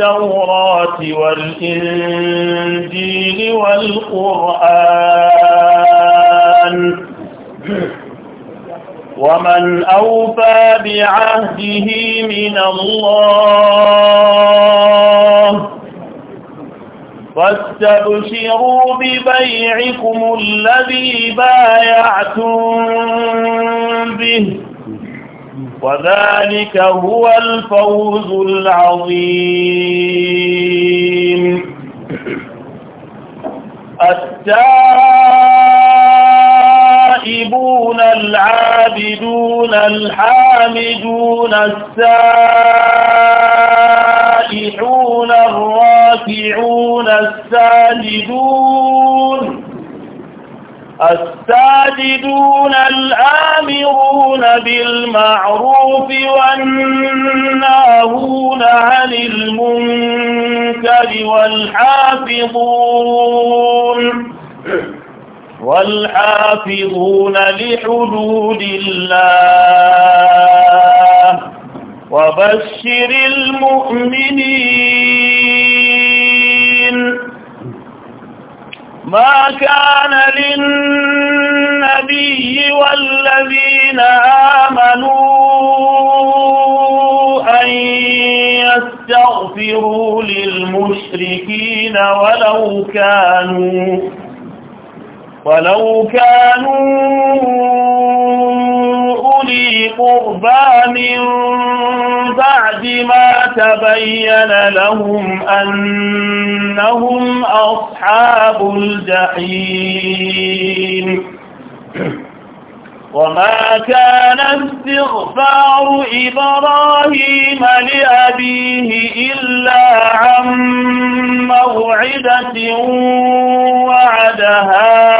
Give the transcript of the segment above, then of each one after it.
التوراة والإنجيل والقرآن ومن أوفى بعهده من الله فاستبشروا ببيعكم الذي بايعتم به وذلك هو الفوز العظيم التائبون العابدون الحامدون السائحون الراكعون الساجدون الساجدون الآمرون بالمعروف والناهون عن المنكر والحافظون والحافظون لحدود الله وبشر المؤمنين ما كان للنبي والذين آمنوا أن يستغفروا للمشركين ولو كانوا ولو كانوا أولي قربى من بما تبين لهم أنهم أصحاب الجحيم وما كان استغفار إبراهيم لأبيه إلا عن موعدة وعدها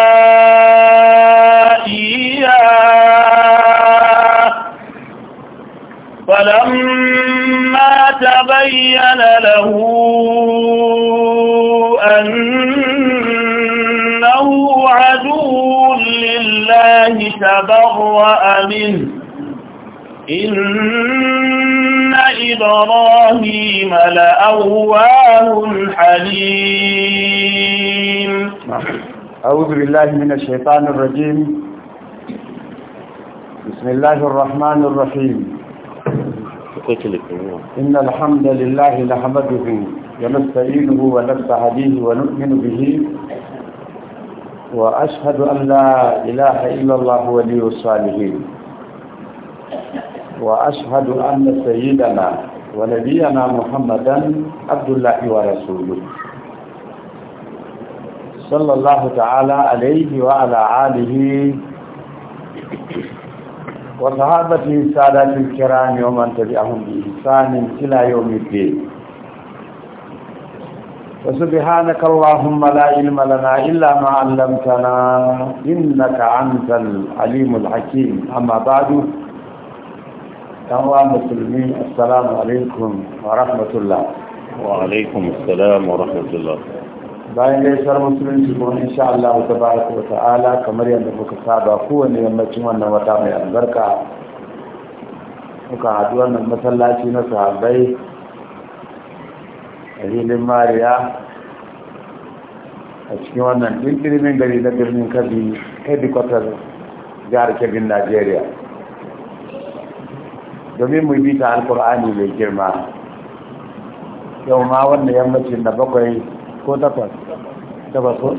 تبين له أنه عدو لله تبرأ منه إن إبراهيم لأواه حليم أعوذ بالله من الشيطان الرجيم بسم الله الرحمن الرحيم akwai telefoniwa inna alhamdulillahi na hamadu ya nasta inu wa wa nukminu bihi wa ashadu an la ilaha wa liyu an na sayidana wa nabiyana muhammadan abdullahi wa rasulu sallallahu ta'ala alaihi wa ala وصحابة السادات الكرام أن تبعهم بإحسان إلى يوم الدين وسبحانك اللهم لا علم لنا إلا ما علمتنا إنك أنت العليم الحكيم أما بعد أهلا مسلمين السلام عليكم ورحمة الله وعليكم السلام ورحمة الله bayan gaisar musulunci kuma sha Allah ta baraka wa ta'ala kamar yadda muka saba kowane yammacin wannan wata mai albarka muka haɗu wannan masallaci na sahabbai a hilin mariya a cikin wannan ɗirƙirmin gari na birnin kabi headquarter jihar kebin najeriya domin mu bi ta alkur'ani mai girma yau ma wannan yammacin na bakwai ko takwas takwas ko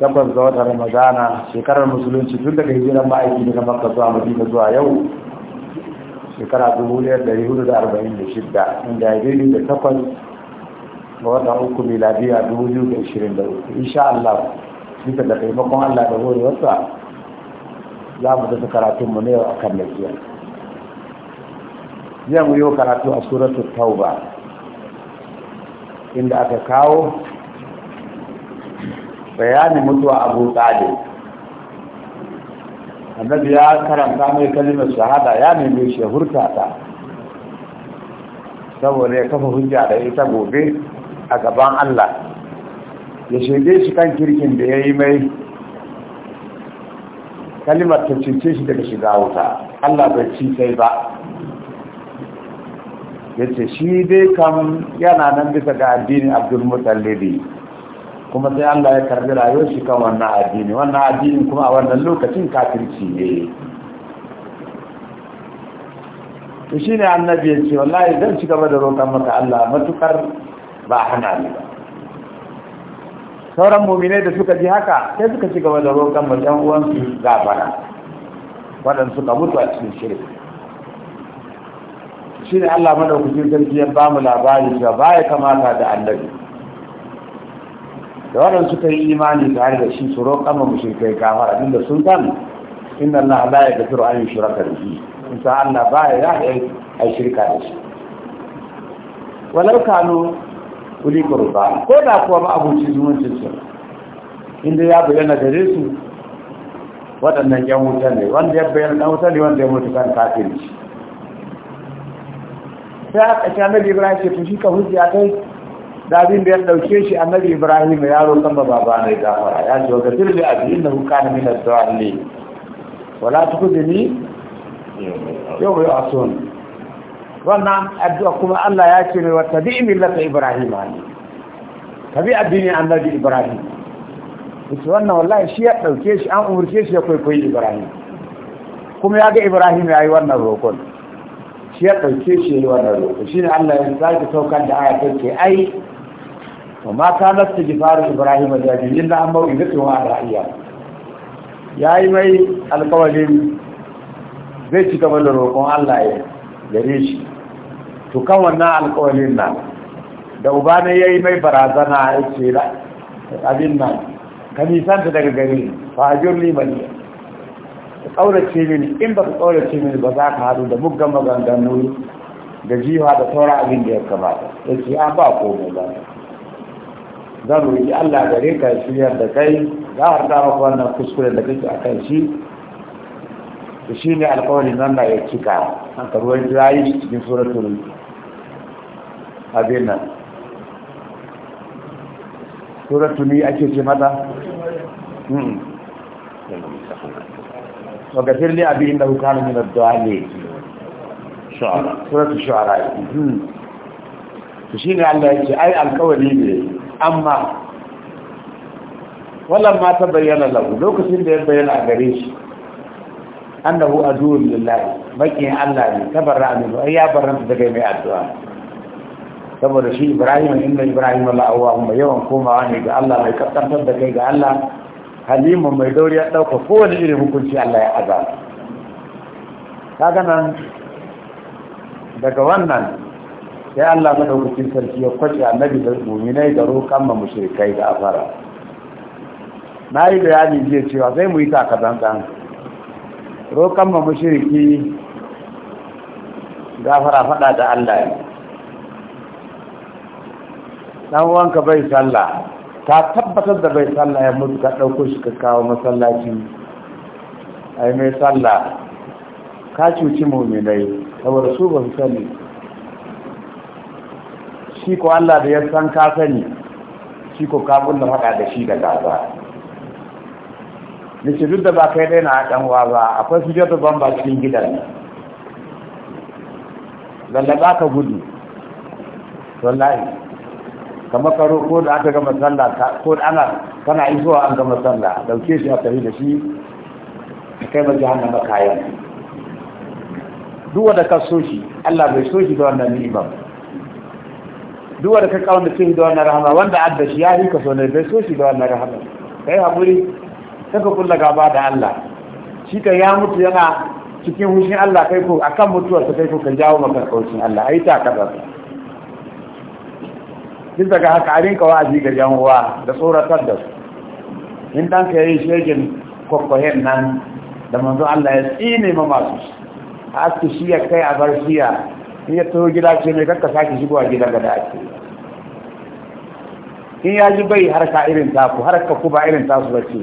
takwas ga wata ramadana shekarar musulunci tun daga hijiran ma'aiki daga makka zuwa madina zuwa yau shekara dubu hudu arba'in 1446 inda ya daidai da takwas ga watan uku miladiya dubu biyu da da 2023 insha Allah bisa da taimakon Allah da horewarsa za mu karatun mu ne a kan najiya. Zai mu yi karatu a suratul Tauba. inda aka kawo bayanin mutuwa abu talib annabi ya karanta mai kalimar shahada ya nemi shi ta saboda ya kafa hujja da ita gobe a gaban Allah ya shaide shi kan kirkin da ya yi mai kalimar ta cince shi daga shiga wuta Allah bai ci sai ba ya ce shi dai kam yana nan bisa ga addinin abdulmutallibi kuma sai Allah ya karbi rayuwar shi kan wannan addini wannan addini kuma a wannan lokacin kafirci ne to ne annabi ya ce wallahi zan ci gaba da roƙon maka Allah matukar ba hana ni ba sauran muminai da suka ji haka sai suka ci gaba da roƙon mu ɗan uwansu gafara waɗansu ka mutu a cikin shirka shi ne Allah madaukakin sarki ya ba mu labari cewa ya kamata da annabi da wannan suka yi imani har da shi su roƙa ma mushrikai kafara abinda sun san inna Allah la yaghfiru an yushraka bihi in sa Allah baya ya ai shirka da shi walau kanu kuli qurba ko da kuwa abu ci zumuncin su inda ya bayyana gare su waɗannan yan wuta ne wanda ya bayyana dan wuta ne wanda ya mutu kan kafirci sai a ƙashi annabi ibrahim ce shi ka a kai da abin da ya ɗauke shi annabi ibrahim ya roƙon ba baba ne gafara ya ce wa gafir da abi inna hu kana min ad-dhalli wala ni yau mai asun wannan addu'a kuma Allah ya ce mai wata bi millata ibrahim ne tabi addini annabi ibrahim ita wannan wallahi shi ya ɗauke shi an umurce shi ya kwaikwayi ibrahim kuma ya ga ibrahim ya yi wannan roƙon shi ya ɗauke shi yi wannan roƙo shi ne Allah ya ki saukar da aya kai ai to ma kana istighfaru ibrahim da jin na amma idan wa ra'iya yayi mai alƙawarin zai ci gaba da roƙon Allah ya gare shi to kan wannan alƙawarin nan da uba ne yayi mai barazana ya ce abin nan ka nisanta daga gare fa ajurni maliya ƙaurace mini in ba ka ƙaurace mini ba za ka haɗu da muggan maganganu da jiwa da saura abin da ya kamata ya ce an ba komai ba zan roƙi Allah gare ka shiryar da kai za a ta maka wannan kuskure da kake a kan shi da shi ne alƙawarin nan na ya cika an karuwan jirayi cikin suratul abin nan suratul ake ce mata hmm. وغفر لي أبي إنه كان من الضالين شعراء سورة الشعراء فشين الله يجي أي القولي أما ولما تبين له لو كسين يبين أغريش أنه أدول لله بكي الله تبرع منه أي أبرم تدقيمي الدعاء saboda shi Ibrahim inda Ibrahim Allah Allahumma yawan komawa ne ga Allah mai kaskantar da kai ga Allah halima mai dauri ya ɗauka kowane irin hukunci Allah ya azaba kaga nan daga wannan sai Allah madaukakin sarki ya kwace annabi da mu'minai da rokan ma mushrikai da afara na yi bayani jiya cewa zai mu yi takadan dan roƙan ma mushriki afara faɗa da Allah ne dan wanka bai sallah ta tabbatar da bai sallah ya mutu ka ɗauko shi ka kawo masallaci ai mai sallah ka cuci muminai saboda su ba su sani shi ko Allah da ya san ka sani shi ko ka kulla faɗa da shi da gaza nace duk da ba kai daina a ɗanwa ba akwai su jata ban ba cikin gidan lallaba ka gudu wallahi ka makaro ko da aka gama sallah ko da ana kana isowa an gama sallah dauke shi a tare da shi ka kai ma jahannama kayan duk wanda ka so shi Allah bai so shi da wannan ni'ima duwa da ka kauna shi da wannan rahama wanda adda shi ya yi ka so ne bai so shi da wannan rahama kai hakuri saka kulla gaba da Allah shi ka ya mutu yana cikin hushin Allah kai ko akan mutuwarsa kai ko ka jawo maka kaucin Allah ai ta kaza bisa ga haka abin ka wa'azi ga yan da tsoratar da su in ɗan ka yi shegin kokkohen nan da manzo Allah ya tsine ma masu aski shi ya kai a bar shiya in ya taho gida ce mai kakka sake a gida ga dace in ya ji bai harka irin taku harka ku ba irin tasu ce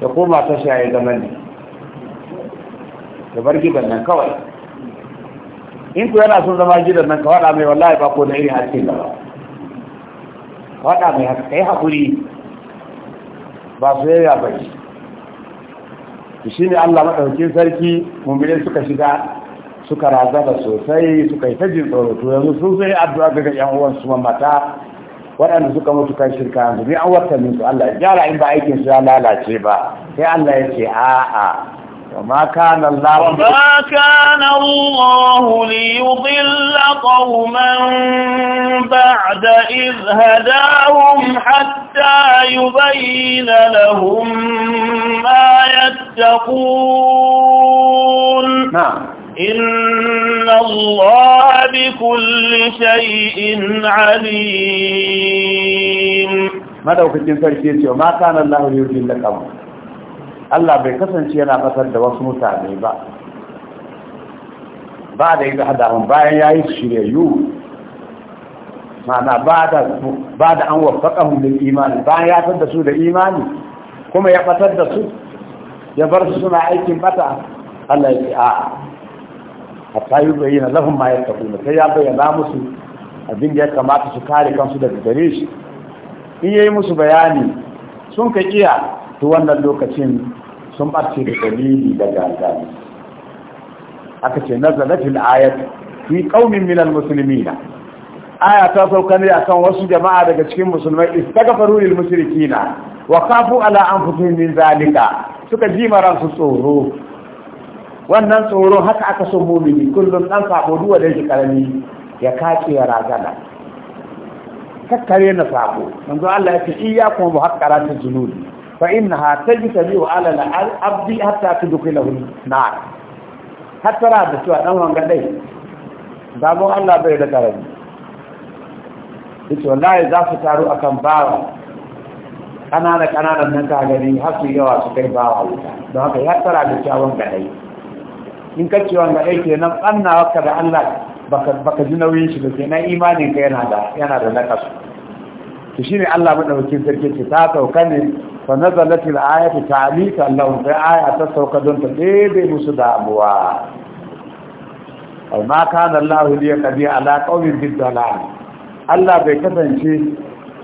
da koma ta shaye zama ne da bar gidan nan kawai in ku yana son zama gidan nan ka faɗa mai wallahi ba ko da irin haske da ba faɗa mai haka yi haƙuri ba su yaya ba ne shi ne allah maɗaukin sarki mummunin suka shiga suka razana sosai suka yi tajin tsoro to yanzu sun zai addu'a daga yan uwan su mata waɗanda suka mutu kan shirka yanzu ni an watanni su allah ya gyara in ba aikinsu ya lalace ba sai allah ya ce a'a وما كان الله وما كان الله ليضل قوما بعد إذ هداهم حتى يبين لهم ما يتقون نعم إن الله بكل شيء عليم ماذا أخذ تنفر كيسي وما كان الله ليضل قوما Allah bai kasance yana fatar da wasu mutane ba ba da yi hadamun bayan ya yi shiryayyu mana ba da an wafakahun da imani bayan ya fatar da su da imani kuma ya fatar da su ya bar su suna aikin bata Allah ya ce a a ta yi bayyana lafin ma ya tafi sai ya bayyana musu abin da ya kamata su kare kansu daga gare shi in yayi musu bayani sun ka kiya to wannan lokacin sun ɓace da dalili da gangani aka ce nazalatul ayat fi qaumin minal muslimina aya ta sauka ne akan wasu jama'a daga cikin musulmai istaghfaru lil mushrikina wa khafu ala anfusihim min zalika suka ji maran su tsoro wannan tsoro haka aka so mumini kullum dan sabo duwa da shi karami ya kace ya ragana kakkare na sabo manzo Allah ya ce iyyakum ta zunubi fa innaha tajtabi ala al-abdi hatta tudkhilahu nar hatta ra da cewa dan wanga dai zabon Allah bai da karami yace wallahi za su taru akan bawa kanana kananan nan ka gani har yawa su kai bawa wuta don haka ya tara da cewa wanga dai in ka ce wanga dai kenan annawa ka da Allah baka baka ji nauyin shi da kenan imanin ka yana da yana da nakasu to shine Allah madaukakin sarki ce ta sauka ne fa nazalat al-ayatu ta'liqan lahum fa aya ta sauka don ta ɗebe musu damuwa aw ma kana Allah liyaqdi ala qawmin Allah bai kasance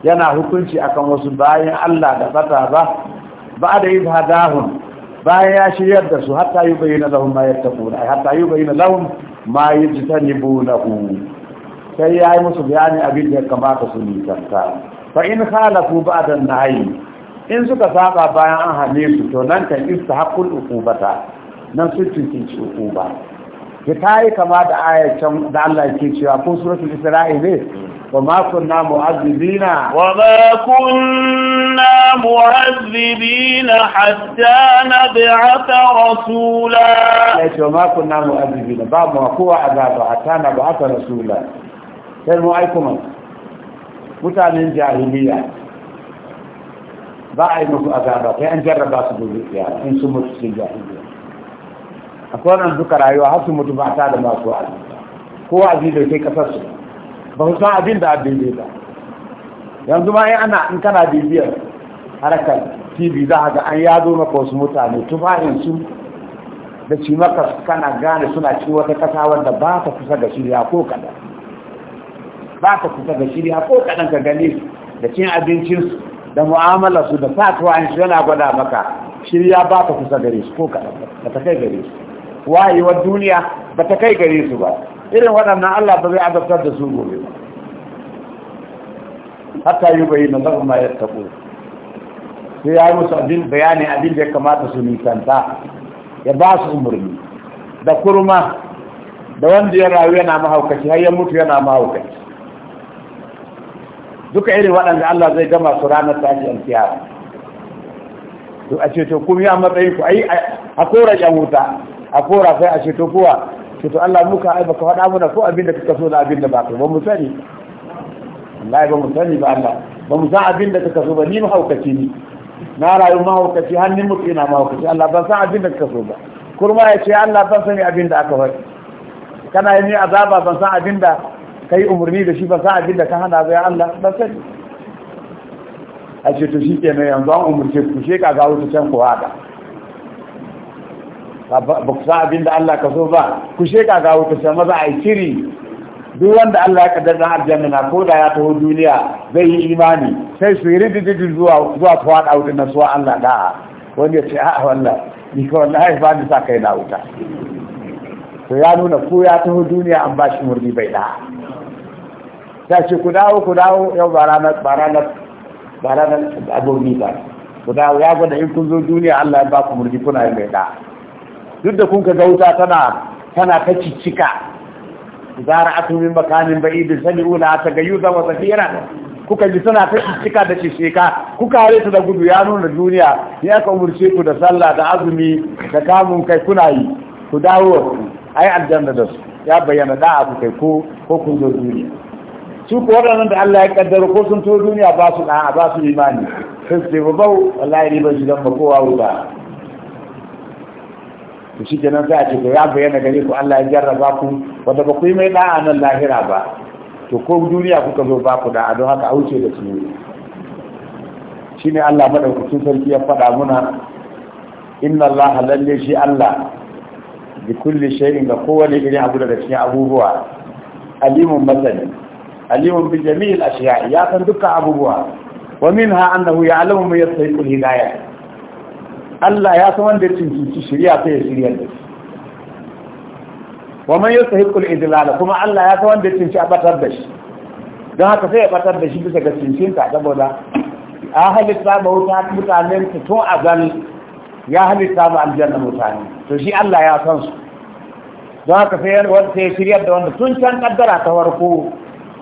yana hukunci akan wasu bayan Allah da bata ba ba da ibadahum bayan ya shiryar da su hatta yubayyana lahum ma yattaquna hatta yubayyana lahum ma yajtanibunahu sai yi musu bayani abin da ya kamata su nisanta fa in ba da na yi. in suka saba bayan an hane su to nan kan isa haƙul ukubata nan sun cincinci ukuba ya ta yi kama da ayyacin da Allah ke cewa ko suratul isra'i ne wa ma kunna mu'azzibina wa ma kunna mu'azzibina hatta nab'atha rasula ya ce wa ma kunna mu'azzibina ba mu kowa azaba hatta nab'atha rasula sai mu aiko Mutanen jahiliya ba a yi musu azaba sai an jarraba su gobe zuciya in sun mutu cikin jahiliya A kwanan duka rayuwa har su mutu ba ta da masu wa'azi ko wa'azi da kai kasar su ba su san abin da abin bai ba yanzu ma ana in kana bibiyar harakar tv za a ga an yado maka wasu mutane tufafin su da ci maka kana gane suna ci wata kasa wanda ba ta kusa da shirya ko kaɗan ba ta kusa da shirya ko kadan ka gane da cin abincinsu da mu'amala su da fatuwa shi yana gwada maka shirya ba ta kusa gare su ko kaɗan ba ta kai gare su wayewar duniya ba ta kai gare su ba irin waɗannan Allah ba zai azabtar da su gobe ba hatta yi bayi na zama ma sai ya yi musu abin bayani abin da ya kamata su nisanta ya ba su umarni da kurma da wanda ya rayu yana mahaukaci har ya mutu yana mahaukaci duka irin waɗanda Allah zai gama su ranar tashi alkiyama to a ceto to kun yi a matsayin ku ai a kora yan wuta a kora sai a ce to kuwa ce Allah muka ai baka faɗa mana ko abin da kika so da abin da ba ka ba mu sani wallahi ba mu sani ba Allah ba mu san abin da kika so ba ni mahaukaci ni na rayu mahaukaci hannun mutu ina mahaukaci Allah ban san abin da kika so ba kurma ya ce Allah ban sani abin da aka faɗi kana yi ni azaba ban san abin da kai umarni da shi ba sa abin da ka hana ba ya Allah ba sai a ce to shi mai yanzu an umarce ku sheka ga wuta can ku haɗa. ba ku sa abin da Allah ka so ba ku sheka ga wuta can maza a yi shiri duk wanda Allah ya kaddar dan aljanna na ko da ya taho duniya zai yi imani sai su yi ridididi zuwa zuwa su wuta na suwa Allah da wani ya ce a'a wanda, ni ko wallahi haifa ni sa kai na wuta to ya nuna ko ya taho duniya an ba shi murni bai da'a ta ce ku dawo ku dawo yau ba ranar ba ba ku dawo ya gwada in kun zo duniya Allah ya ba ku murji kuna mai da duk da kun ka ga wuta tana tana ta cicika zara atu min makanin ba'idin sami'una ta gayu zama safira kuka ji suna ta cicika da shisheka kuka hare su da gudu ya nuna duniya ya ka umurce ku da sallah da azumi da kamun kai kuna yi ku dawo ai aljanna da su ya bayyana da'a ku kai ko kun zo duniya su ko waɗannan da Allah ya kaddara ko sun to duniya ba su a ba su imani sai su ba bau wallahi ni shi dan ba kowa wuta to shi kenan sai a ce ya bayyana gare ku Allah ya jarraba ku wanda ba ku yi mai da'a nan lahira ba to ko duniya kuka zo ba ku a don haka a wuce da su shine Allah madaukakin sarki ya faɗa muna inna Allah lalle shi Allah bi kulli shay'in ga kowane irin abu daga cikin abubuwa alimun masani alimun bi jami'il ashiya ya san dukkan abubuwa wa minha annahu ya'lamu ma yastahiqul hidayah Allah ya san wanda ya cinci shari'a sai ya shirya da shi wa man yastahiqul idlal kuma Allah ya san wanda ya cinci a batar da shi don haka sai ya batar da shi bisa ga cincinta saboda a halitta ba wuta mutanen ta tun a gani ya halitta ba aljanna mutane to shi Allah ya san su don haka sai ya shirya da wanda tun can kaddara ta warko.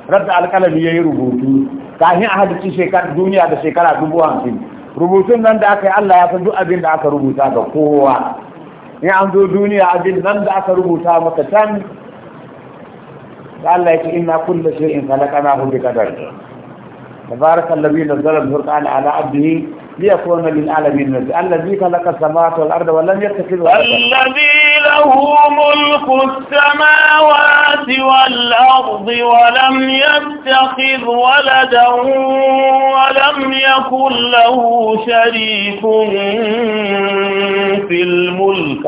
radda alƙalami ya yi rubutu kafin a hadisi shekara duniya da shekara dubu hamsin rubutun nan da aka yi Allah ya san duk abin da aka rubuta ga kowa in an zo duniya abin nan da aka rubuta maka can da Allah ya ce inna kullu shay'in khalaqnahu bi qadar tabaraka allazi nazzala al-furqan ala abdihi liyakuna lil alamin allazi khalaqa as-samawati wal arda wa lam yattakhidh walada له ملك السماوات والأرض ولم يتخذ ولدا ولم يكن له شريك في الملك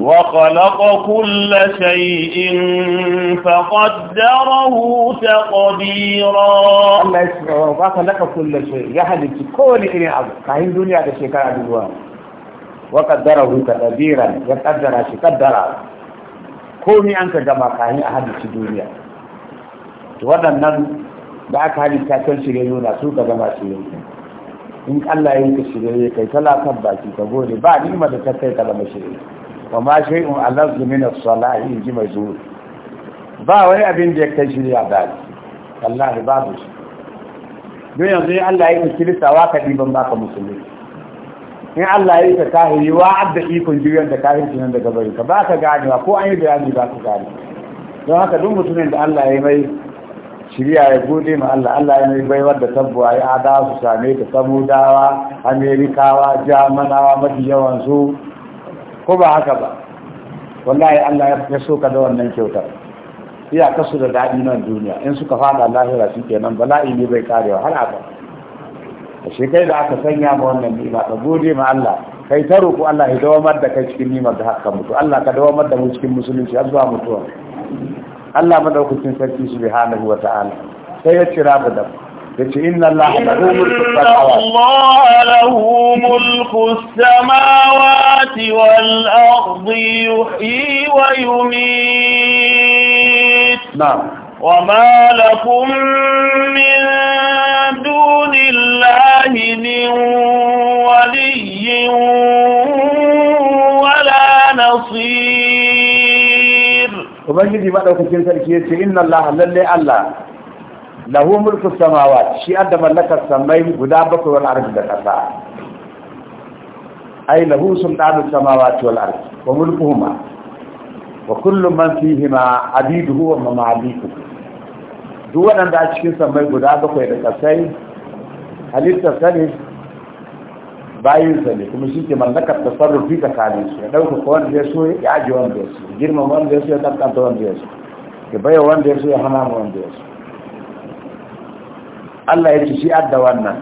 وخلق كل شيء فقدره تقديرا الله يسمعه وخلق كل شيء يحدث كل شيء عبد كاين دنيا ده شيء كان wa qaddarahu tadbiran ya qaddara shi qaddara komai an ka gama kayan a hadisi duniya to waɗannan da aka halitta kan shirye nuna su ka gama shirye in Allah ya yi shirye kai talakan baki ka gode ba ma da ta kai ka gama shirye wa ma shay'un alazzu min as-salahi in ji mai zuwa ba wani abin da ya kai shirya ba wallahi babu shi don yanzu Allah ya yi kirista wa ka diban baka musulmi in Allah ya yi ka kahiri wa abda ikon jiriyar da kahirci nan daga bari ka ba ka ganewa ko an yi bayani ba ka gane don haka duk mutumin da Allah ya mai shirya ya gode ma Allah Allah ya mai baiwar da tabbuwa ya ada su same ta samudawa amerikawa jamanawa mafi yawan ko ba haka ba wallahi Allah ya so ka da wannan kyautar iya kasu da daɗi nan duniya in suka fada lahira shi kenan bala'i ne bai karewa har ba. ashe kai da aka sanya ma wannan ni'ima ka gode ma Allah kai ta roƙo Allah ya dawamar da kai cikin ni'imar da haka mutu Allah ka dawamar da mu cikin musulunci har zuwa mutuwa Allah madaukakin sarki subhanahu wa ta'ala sai ya cira mu da yace inna Allah lahu mulku samawati lahu mulku samawati wal ardi yuhyi wa yumit na'am وما لكم من الله من ولي ولا نصير وبنجي ما لو كنت سألك إن الله للي الله له ملك السماوات شيء أدى ملك السمين قدابك والأرض لك أي له سلطان السماوات والأرض وملكهما وكل من فيهما عبيده ومماليكه duk waɗanda a cikin sammai guda bakwai da kasai halittarsa ne bayinsa ne kuma shi ke mallakar tasarrufi tsakanin su ya ɗauka ko wanda ya so ya ajiye wanda ya so girma wanda ya so ya kankanta wanda ya so ya baya wanda ya so ya hana mu wanda ya so Allah ya ce shi adda wannan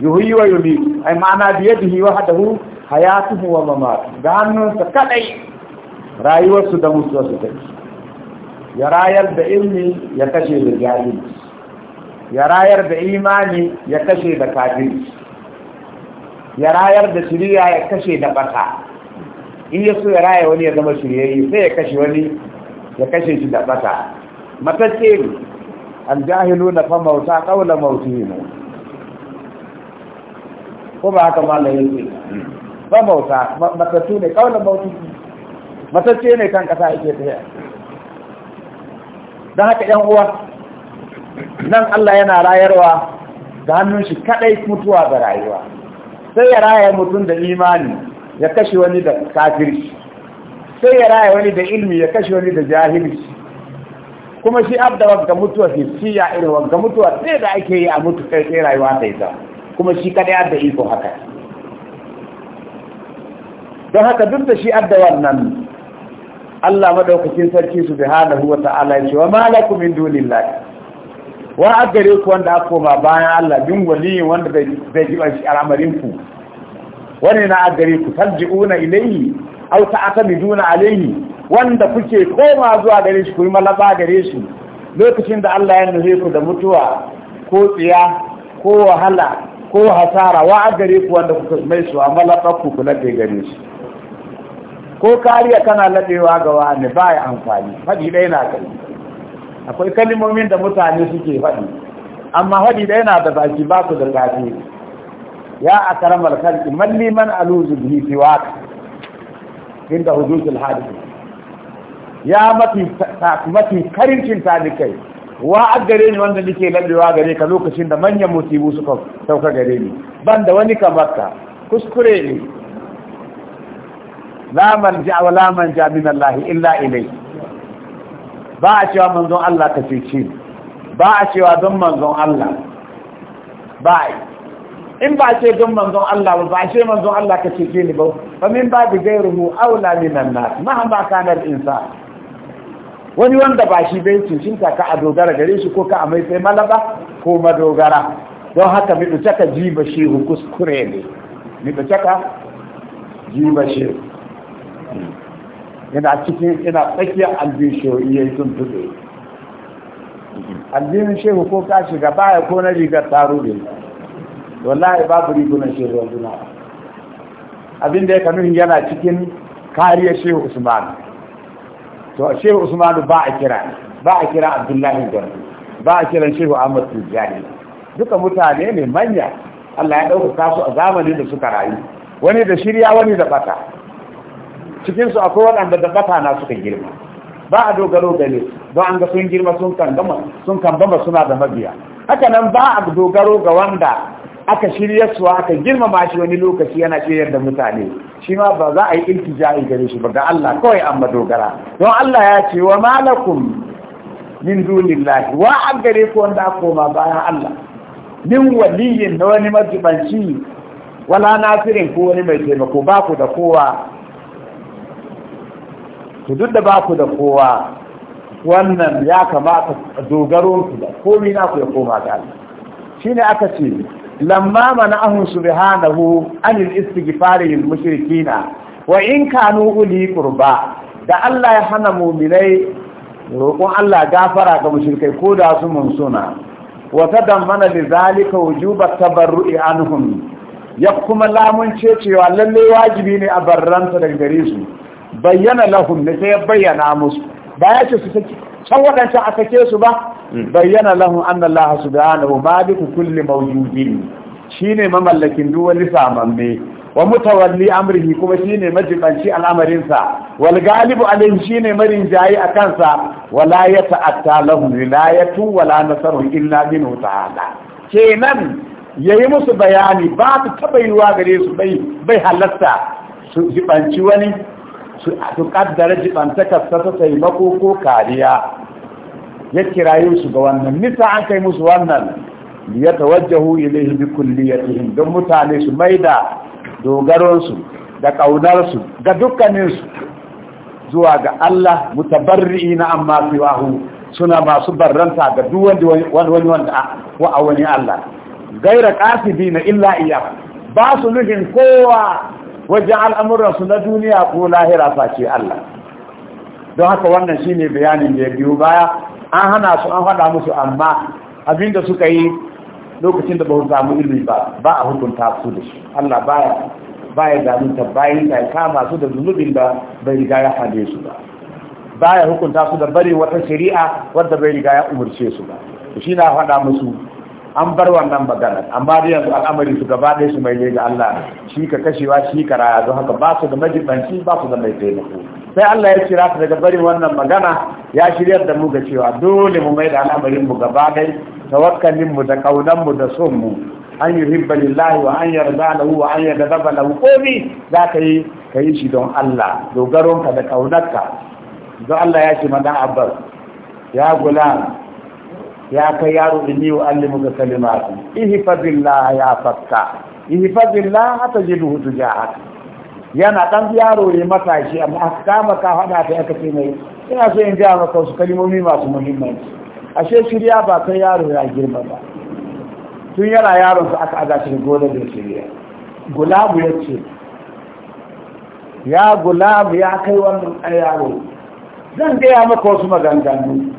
yuhyi wa yumi ai ma'ana bi yadihi wahdahu hayatuhu wa mamatu da hannunsa kadai rayuwarsu da mutuwarsu take ya rayar da ilmi ya kashe da jahilci ya rayar da imani ya kashe da kafirci ya rayar da shiriya ya kashe da bata in ya so ya raya wani ya zama shiryayye sai ya kashe wani ya kashe shi da bata matacce ne aljahilu na fa mauta kaula mautihim ko ba haka mallan yake fa mauta matacce ne kaula mautihim matacce ne kan kasa yake ta don haka yan uwa nan Allah yana rayarwa da hannun shi kadai mutuwa ga rayuwa sai ya raya mutum da imani ya kashe wani da kafirci sai ya raya wani da ilmi ya kashe wani da jahilci kuma shi abda wagga mutuwa fi siya irin wagga mutuwa sai da ake yi a mutu kai sai rayuwa ta ita kuma shi kadai abda iko haka don haka duk da shi adda wannan Allah madaukakin sarki subhanahu wa ta'ala ya ce wa malakum min dunillahi wa a gare ku wanda aka koma bayan Allah bin waliyin wanda zai ji al'amarin ku wani na a gare ku talji'una ilayhi aw ta'tamiduna alayhi wanda kuke koma zuwa gare shi ku yi malaba gare shi lokacin da Allah ya nuhe ku da mutuwa ko tsiya ko wahala ko hasara wa a gare ku wanda kuka mai su a malaba ku ku laɗe gare shi ko kariya kana laɗewa ga wani ba ya amfani faɗi ɗaya na kai akwai kalimomin da mutane suke faɗi amma faɗi da yana da baki ba su da zafi ya karamar kalki malli man aluzu bihi siwak inda hudusul hadith ya mafi mafi karincin talikai wa aggare ni wanda nake lallewa gare ka lokacin da manyan musibu suka sauka gare ni ban da wani kamar ka kuskure ne la man ja wa la man ja min Allah illa ilayhi ba a cewa manzon Allah ka ce ce, ba a cewa don manzon Allah ba in ba ce don manzon Allah ba a ce manzon Allah ka ce ce ni ba fa min ba bi gairuhu aula minan nas mahama kana al-insan wani wanda ba shi bai cincinta ka a dogara gare shi ko ka a mai sai malaba ko madogara don haka mi ka jiba shi kuskure ne mi ka jiba shi yana cikin yana tsakiyar albin shehu ya yi sun tutu albin shehu ko ka shiga baya ko na rigar taro ne wallahi babu rigunan shehu yanzu na abin da ya kanuhin yana cikin kariyar shehu usman to shehu usman ba a kira ba a kira abdullahi gani ba a kiran shehu ahmad tijjani duka mutane ne manya Allah ya ɗaukaka kasu a zamanin da suka rayu wani da shirya wani da bata cikin su akwai waɗanda da bata na suka girma ba a dogaro gare don an ga sun girma sun kambama sun kambama suna da mabiya haka nan ba a dogaro ga wanda aka shirya su aka girmama shi wani lokaci yana shiryar da mutane shi ma ba za a yi iltijai gare shi ba ga Allah kawai amma dogara don Allah ya ce wa malakum min dunillahi wa an gare wanda koma bayan Allah min waliyin na wani majibanci wala nasirin ko wani mai taimako ba ku da kowa to duk da ba ku da kowa wannan ya kamata dogaro ku da komi na ku ya koma ga Allah ne aka ce lamma an subhanahu anil istighfari lil mushrikina wa in kanu uli qurba da Allah ya hana mu'minai roƙon Allah gafara ga mushrikai ko da su mun suna wa tadammana li zalika wujuba tabarru'i anhum ya kuma lamunce cewa lalle wajibi ne a barranta daga gare su bayyana lahum ne sai ya bayyana musu ba ya ce su saki can waɗancan a sake su ba hmm. bayyana lahum anna Allah subhanahu maliku kulli shi ne mamallakin duk wani samamme wa mutawalli amrihi kuma shine majibanci al'amarinsa wal galibu alayhi shine marin jayi akan sa wala ya lahum rilayatu wala nasarun illa minhu ta'ala kenan yayi musu bayani ba su taba yiwa gare su bai bai halatta su jibanci wani su kaddara jibantakar ta ta taimako ko kariya ya kirayo su ga wannan nisa an kai musu wannan ya tawajjahu ilaihi bi kulliyatihim don mutane su maida dogaronsu da ƙaunarsu ga dukkaninsu zuwa ga Allah mutabarriina amma siwahu suna masu barranta ga duk wani wanda wa a wani Allah gaira ƙasibi na illa iya ba su nufin kowa wajen su na duniya ko lahira face Allah don haka wannan shi ne bayanin da ya biyu baya an hana su an hada musu amma abinda suka yi lokacin da ba su samu ilimi ba ba a hukunta su da shi Allah baya baya bayan da ya kama su da zunubin da bai riga ya hade su ba baya hukunta su da bari wata shari'a wadda bai riga ya umarce su ba shi na hada musu an bar wannan magana amma da yanzu al'amari su gaba ɗaya su mai ne ga Allah shi ka kashewa shi ka raya don haka ba su da majibanci ba su da mai taimako sai Allah ya kira ka daga barin wannan magana ya shiryar da mu ga cewa dole mu mai da al'amarin mu gaba ɗaya tawakkalin mu da kaunan mu da son mu an yi ribba lillahi wa an yarda lahu wa an yarda lahu komi za ka yi ka yi shi don Allah dogaronka da ka don Allah ya ce madan Abbas ya gulam ya kai yaro inni wa allimuka kalimatu ihfazillah ya fakka ihfazillah tajiduhu tujahak yana dan yaro ne matashi amma aka maka hada ta aka ce mai ina so in ga maka wasu kalimomi masu muhimmanci ashe shirya ba kai yaro ya girma ba tun yana yaron su aka aza shi gole da shirya gulabu ya ce ya gulabu ya kai wannan yaro zan gaya maka wasu maganganu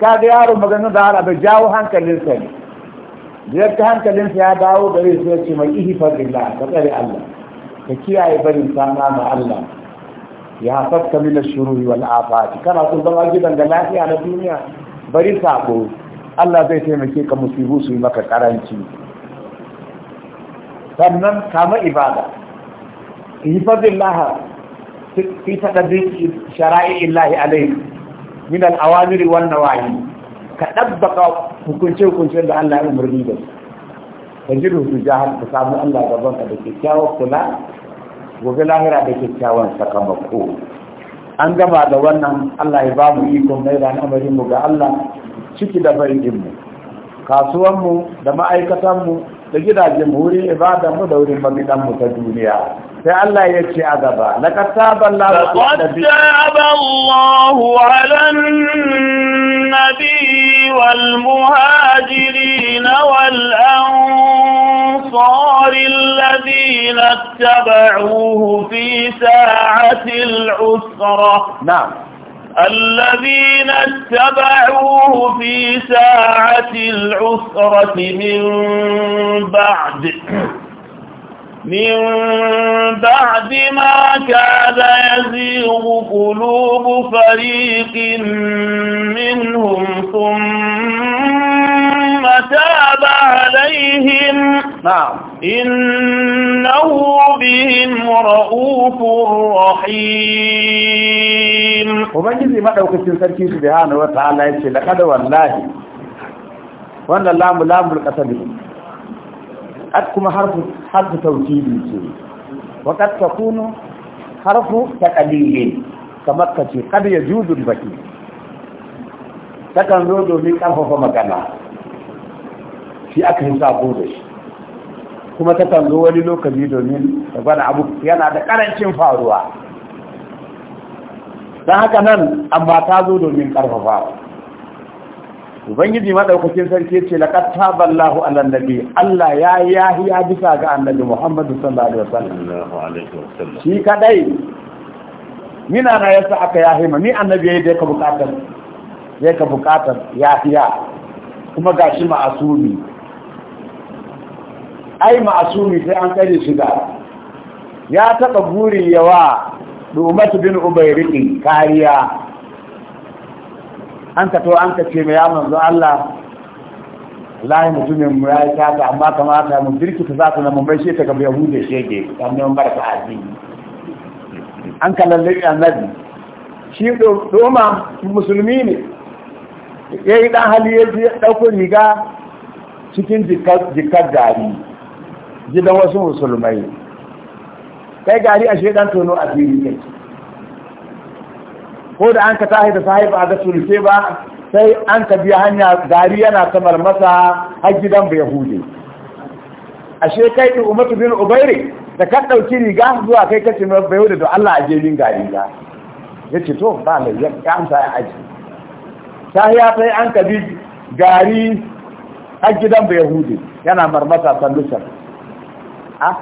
ka ga yaro maganin da Allah bai jawo hankalinsa ne da ta hankalinsa ya dawo gare su ya ce mai ihi fadilla ka tsare Allah ka kiyaye barin sana ma Allah ya hafafta mina shuru wal afati kana sun zama gidan da lafiya na duniya bari sako Allah zai taimake ka musibu su yi maka karanci sannan kama ibada ihi fadilla fi taqdir shara'i illahi alaihi. min al-awamiri wan nawahi ka ɗabbaka hukunce hukunce da Allah ya umarni da su ka ji rubutu jahar ka samu Allah gaban ka da kyakkyawar kula gobe lahira da kyakkyawan sakamako an gama da wannan Allah ya ba mu ikon mai da al'amarin mu ga Allah ciki da barin mu kasuwan mu da ma'aikatan mu da gidajen mu wurin ibada mu da wurin mabidan mu ta duniya الله يجي أدبا لقد تاب الله لقد تاب الله على النبي والمهاجرين والأنصار الذين اتبعوه في ساعة العسرة نعم الذين اتبعوه في ساعة العسرة من بعد من بعد ما كاد يزيغ قلوب فريق منهم ثم تاب عليهم نعم إنه بهم رؤوف رحيم وبنجزي ما لو كنت سركي سبحانه وتعالى يقول لقد والله وأن اللام لام القسم at kuma harfu harfu tawkidi ce wa kad takunu harfu taqdili kamar ka ce kad yajudu baki kan zo domin karfafa magana shi aka yi sabo da shi kuma kan zo wani lokaci domin ta gwada abu yana da karancin faruwa don haka nan amma ta zo domin karfafa ubangiji madaukakin sarki ce laqad taballahu ala nabi Allah ya yahi ya bisa ga annabi Muhammad sallallahu alaihi wasallam shi kadai mina na yasa aka yahi ma ni annabi yi da ka bukatar da ka bukatar yahiya kuma gashi ma'asumi ai ma'asumi sai an kare shi ga ya taba buri yawa Dumatu bin Ubayriki kariya an ka to an ka ce mai ya zuwa Allah lahi mutumin mu ya yi tata amma kamata mu ta za ta na mai shi ta gaba yahudu shege sannan barka addini an ka lallabi annabi shi doma musulmi ne ya yi ɗan hali ya ɗauko riga cikin jikar gari gidan wasu musulmai kai gari a shaidan tono a fili kai ko da an ka tahi da sahi ba ga sulke ba sai an ka biya hanya gari yana samar masa har gidan bai hude ashe kai ɗin umatu bin ubayri da ka ɗauki riga zuwa kai kace mai bai hude da Allah a yin gari ga yace to ba mai ya amsa ya aji ya sai an ka bi gari har gidan bai hude yana marmasa sallusa ah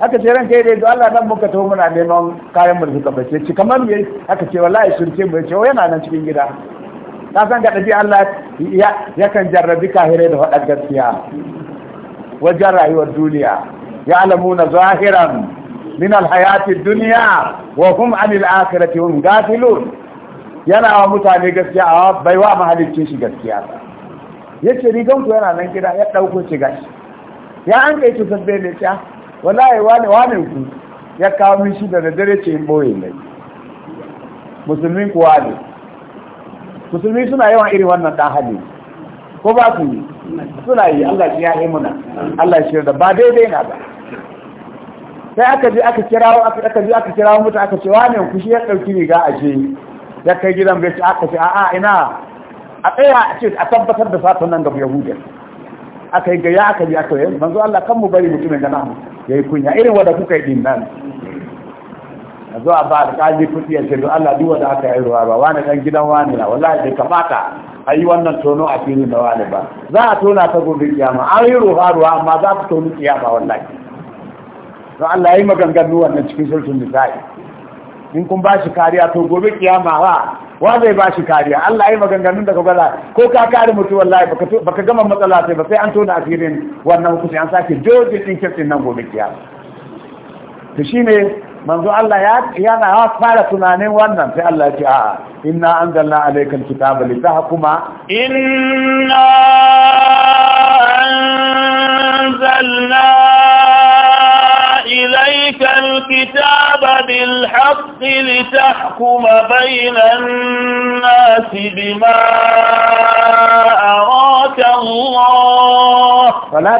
aka ce ranka dai to Allah nan muka taho muna neman kayan mulki ka bace ci kamar me aka ce wallahi surke mu ce yana nan cikin gida ka san ga dabi Allah ya kan jarrabi kahire da faɗar gaskiya wajen rayuwar duniya ya alamuna zahiran min alhayati duniya wa hum anil akhirati hum gafilun yana wa mutane gaskiya bai wa mahalicci shi gaskiya ba yace rigan ku yana nan gida ya dauko shi gashi ya an kai ki sabbe ne ta wallahi wani wani ku ya kawo min shi da dare ce in boye ne musulmi kuwa ne musulmi suna yawan irin wannan dan hali ko ba su yi suna yi Allah shi ya yi muna Allah shi da ba daidai na ba sai aka je aka kirawo wa aka je aka kirawo mutum aka ce wani ku shi ya dauki riga a je ya kai gidan bai ce aka ce a'a ina a tsaya a ce a tabbatar da satan nan ga yahudiya aka yi gaya aka bi aka yi manzo Allah kan mu bari mutumin da namu ya kunya irin wadda kuka yi din nan a zuwa ba alƙali kuɗi ya ce Allah duk wanda aka yi ruwa ba wani ɗan gidan wani na wallahi bai kamata a yi wannan tono a filin da wani ba za a tona ta gobe kiyama an yi ruwa ruwa amma za ku tono kiyama wallahi don Allah ya yi maganganu wannan cikin sulhun nisa'i in kun ba shi kariya to gobe kiyama wa wa zai ba shi kariya Allah ya maganganun da ka gwada ko ka kare mutu wallahi baka gama matsala sai ba sai an tona asirin wannan hukunci an sake dojin din kirtin nan gobe kiyama to shine manzo Allah ya yana fara tunanin wannan sai Allah ya ce a'a inna anzalna alaykal kitaba litahkuma inna anzalna ilay عليك الكتاب بالحق لتحكم بين الناس بما أراك الله ولا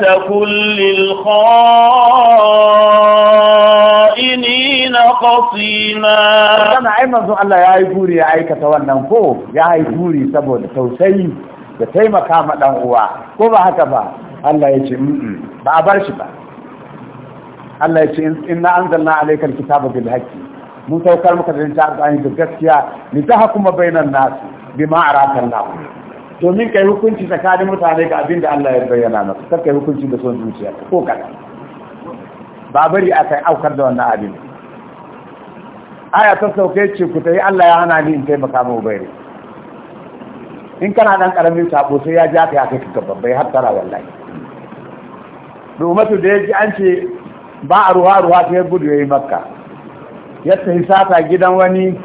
تكن, للخائنين قصيما أنا عيما الله يا يقولي يا عيكة والنفوف يا يقولي سبو توسي da taimaka ma ɗan uwa ko ba haka ba Allah ya Allah ya ce in inna anzalna alayka kitaba bil haqqi mun saukar maka da ta da da gaskiya ni ta hukuma bainan nas bima na Allah domin kai hukunci tsakanin mutane ga abin da Allah ya bayyana maka kar kai hukunci da son zuciya ko kada ba bari a kai aukar da wannan abin aya ta sauke ce ku tayi Allah ya hana ni in taimaka mu bayri in kana dan karamin sabo sai ya ja ka ya kai ka babbai har tara wallahi Rumatu da ya ji an ce ba a ruwa ruwa ta gudu ya yi makka ya sata gidan wani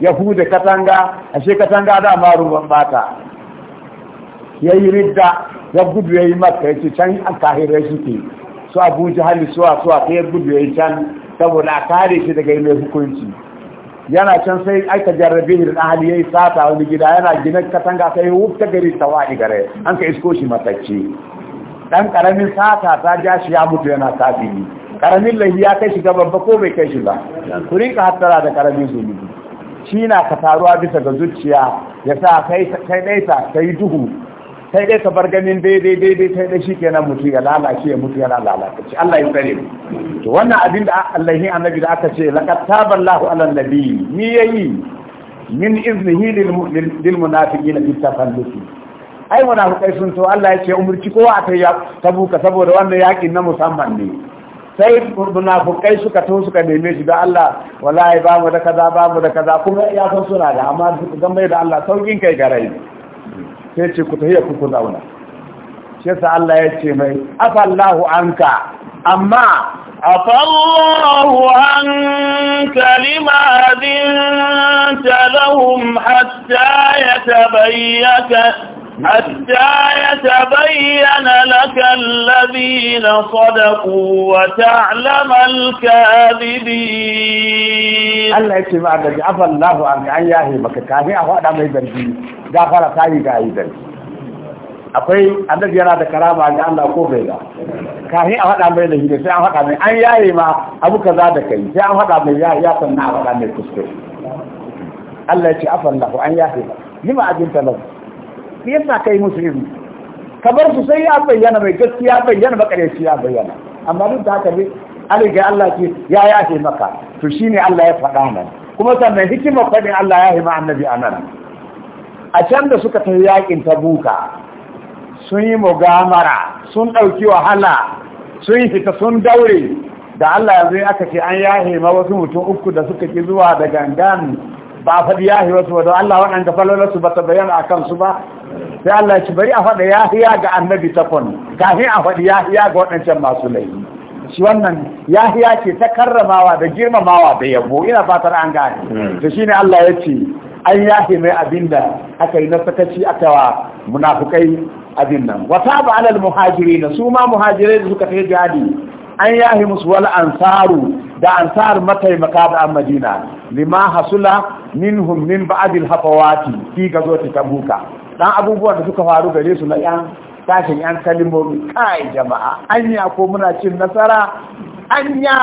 ya huda katanga a shi katanga da ma ruwan bata ya yi ridda ya gudu ya yi makka ya ce can an kahirar shi ke su abu jihali suwa suwa ta ya gudu ya yi can saboda a kare shi daga mai hukunci yana can sai aika jarrabe da ahali ya yi sata wani gida yana gina katanga sai ya wuta gari ta waɗi gare an ka isko shi matacce ɗan ƙaramin sata ta ja shi ya mutu yana ne karamin lahi ya kai shiga babba ko bai kai shi ba ku rinka hattara da karamin zunubi shi na ka taruwa bisa ga zuciya ya sa kai ɗaita ka yi duhu kai dai bar ganin daidai daidai kai dai shi kenan mutu ya lalace ya mutu yana lalace Allah ya tsare mu to wannan abin da Allah annabi da aka ce laqad Allahu ala nabi ni yayi min iznihi lil munafiqina fi tafalluti ai munafiqai sun to Allah ya ce umurci kowa a ya tabuka saboda wannan yakin na musamman ne sai munafukai suka to suka neme shi da Allah wallahi ba mu da kaza ba mu da kaza kuma ya san suna da amma suka ga mai da Allah saukin kai garai sai ce ku tahiya ku ku wannan sai sa Allah ya ce mai afallahu anka amma afallahu anka lima dinta lahum hatta yatabayyaka حتى يتبين لك الذين صدقوا وتعلم الكاذبين الله يتبع الذي عفى الله عنك أن ياهي مكة كافي أخوة دمي برجي كاي كاي برجي akwai annabi yana da karama ga Allah ko bai ga kafin a faɗa mai lahiri sai an faɗa mai an yaye ma abu kaza da kai sai an faɗa mai ya ya sanna a faɗa mai kuskure Allah ya ce afallahu an yaye ma lima abin me yasa kai musu ka bar su sai ya bayyana mai gaskiya bayyana makareci ya bayyana amma duk da haka ne aliga Allah ke ya ce maka to shine Allah ya faɗa mana kuma sannan hikimar faɗin Allah ya hima annabi anan a can da suka tafi yakin buka sun yi mugamara sun ɗauki wahala sun yi fita sun daure da Allah yanzu aka ce an yahe ma wasu mutum uku da suka ki zuwa da gangan ba faɗi yahe wasu wadda Allah waɗanda falolarsu ba ta bayyana a kansu ba sai Allah shi ci bari a faɗa yahiya ga annabi takwan kafin a faɗi yahiya ga waɗancan masu laifi shi wannan yahiya ce ta karramawa da girmamawa da yabo ina fatar an gane hmm. to shine Allah ya ce an yahi mai abinda aka yi na sakaci aka wa munafukai abin nan wata ba alal na su ma muhajirai da suka kai jihadi an yahi musu wal ansaru da ansar mataimaka da Madina lima hasula minhum min ba'd hafawati fi gazwati tabuka dan abubuwan da suka faru gare su na yan tashin yan kalimomi kai jama'a anya ko muna cin nasara anya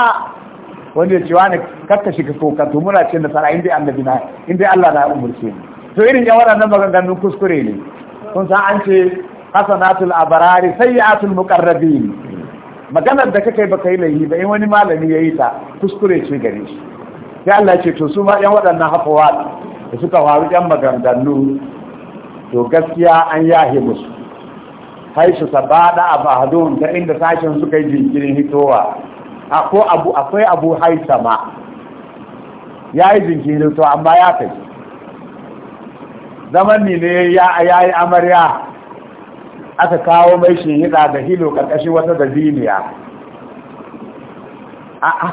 wanda ya ce wani kakka shiga kokanto muna cin nasara inda annabi na inda Allah na umurce ni to irin yan waɗannan maganganun kuskure ne kun san an ce hasanatul abarari sayyatul muqarrabin maganar da kake baka yi laifi ba in wani malami yayi ta kuskure ce gare shi sai Allah ya ce to su ma yan waɗannan hafawa da suka faru yan maganganun. to gaskiya an yahe musu haisu sabada a bahadun da inda sashen suka yi jinkirin hitowa ko akwai abu haisa ma ya yi jinkirin to amma ya kai zaman ne ne ya yi amarya aka kawo mai shi hida da hilo karkashi wata da ziniya a'a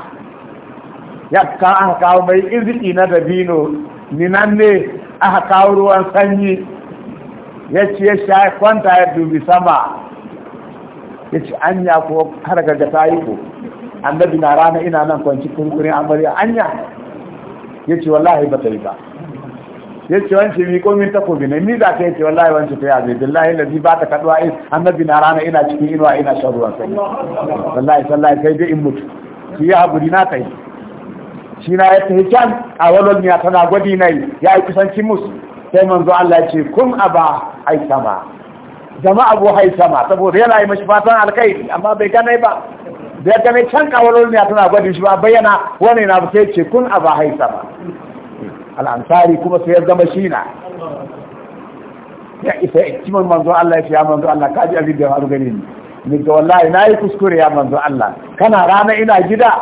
ya aka kawo mai iziki na dabino ninan ne aka kawo ruwan sanyi ya ce ya sha kwanta ya dubi sama ya ce anya ko har gaga ta yi ko annabi na rana ina nan kwanci kurkurin amarya anya ya ce wallahi ba ta yi ba ya ce wance mi komin takobi ne ni za ka ce, wallahi wance ta yi yabe billahi lazi ba ta kaduwa in annabi na rana ina cikin inuwa ina shan ruwan sai wallahi sallahi sai dai in mutu shi ya haƙuri na kai shi na ya tafi can a walwal miya tana gwadi na yi ya yi kusanci musu sai manzo Allah ce kun aba haisama jama'a bu haisama saboda yana yi mashi fatan alkhairi amma bai gane ba da ya gane can kawalolin ya tana gwadin shi ba bayyana wani na sai ce kun a ba haisama. al'ansari kuma sai ya zama shi na ya isa ya cimar manzo Allah ya fi manzo Allah ka ji abin da ya faru gani ne ga wallahi na yi kuskure ya manzo Allah kana rana ina gida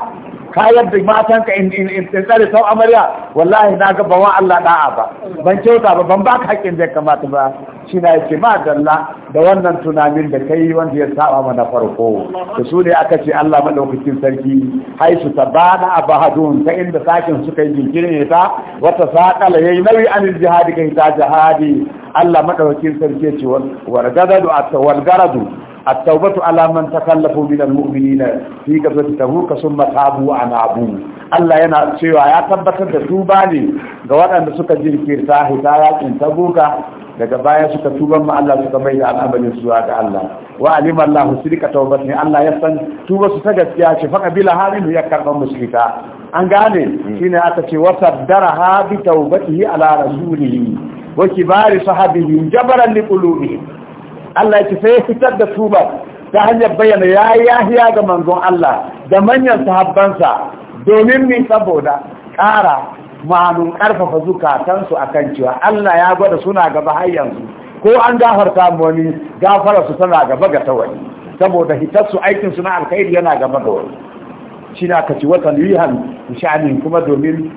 kayar da matanka in tsare sau amarya wallahi na ga bawa Allah da'a ba ban kyauta ba ban baka hakkin da kamata ba shi na yake ma dalla da wannan tunanin da kai wanda ya saba mana farko da su ne aka ce Allah madaukakin sarki haisu tabana abahadun ta inda sakin suka yi jinkirin ta wata saƙala yayi nauyi an jihadi kai ta jihadi Allah madaukakin sarki ce wal garadu التوبة على من تكلفوا من المؤمنين في buka تبوك ثم تابوا عن أبوه Allah yana cewa ya tabbatar da tuba ne ga waɗanda suka jirkirta hita yakin tabuka daga baya suka tuban ma Allah suka mai da al'amarin zuwa ga Allah wa alima Allah sirka ne. Allah ya san tuba su ta gaskiya ce fa kabila halin ya karba mushrika an gane shine aka ce wa saddaraha bi tawbatihi ala rasulihi wa kibari sahabihi jabaran liqulubihi Allah ya ce sai ya fitar da tuba ta hanyar bayyana ya yahiya ga manzon Allah da manyan sahabbansa domin min saboda ƙara ma'anun ƙarfafa zukatansu a kan cewa Allah ya gwada suna gaba hayyansu, ko an gafarta wani gafara su tana gaba ga tawali saboda hitarsu aikin su na alkhairi yana gaba ga wani shi na kaci watan yihan kuma domin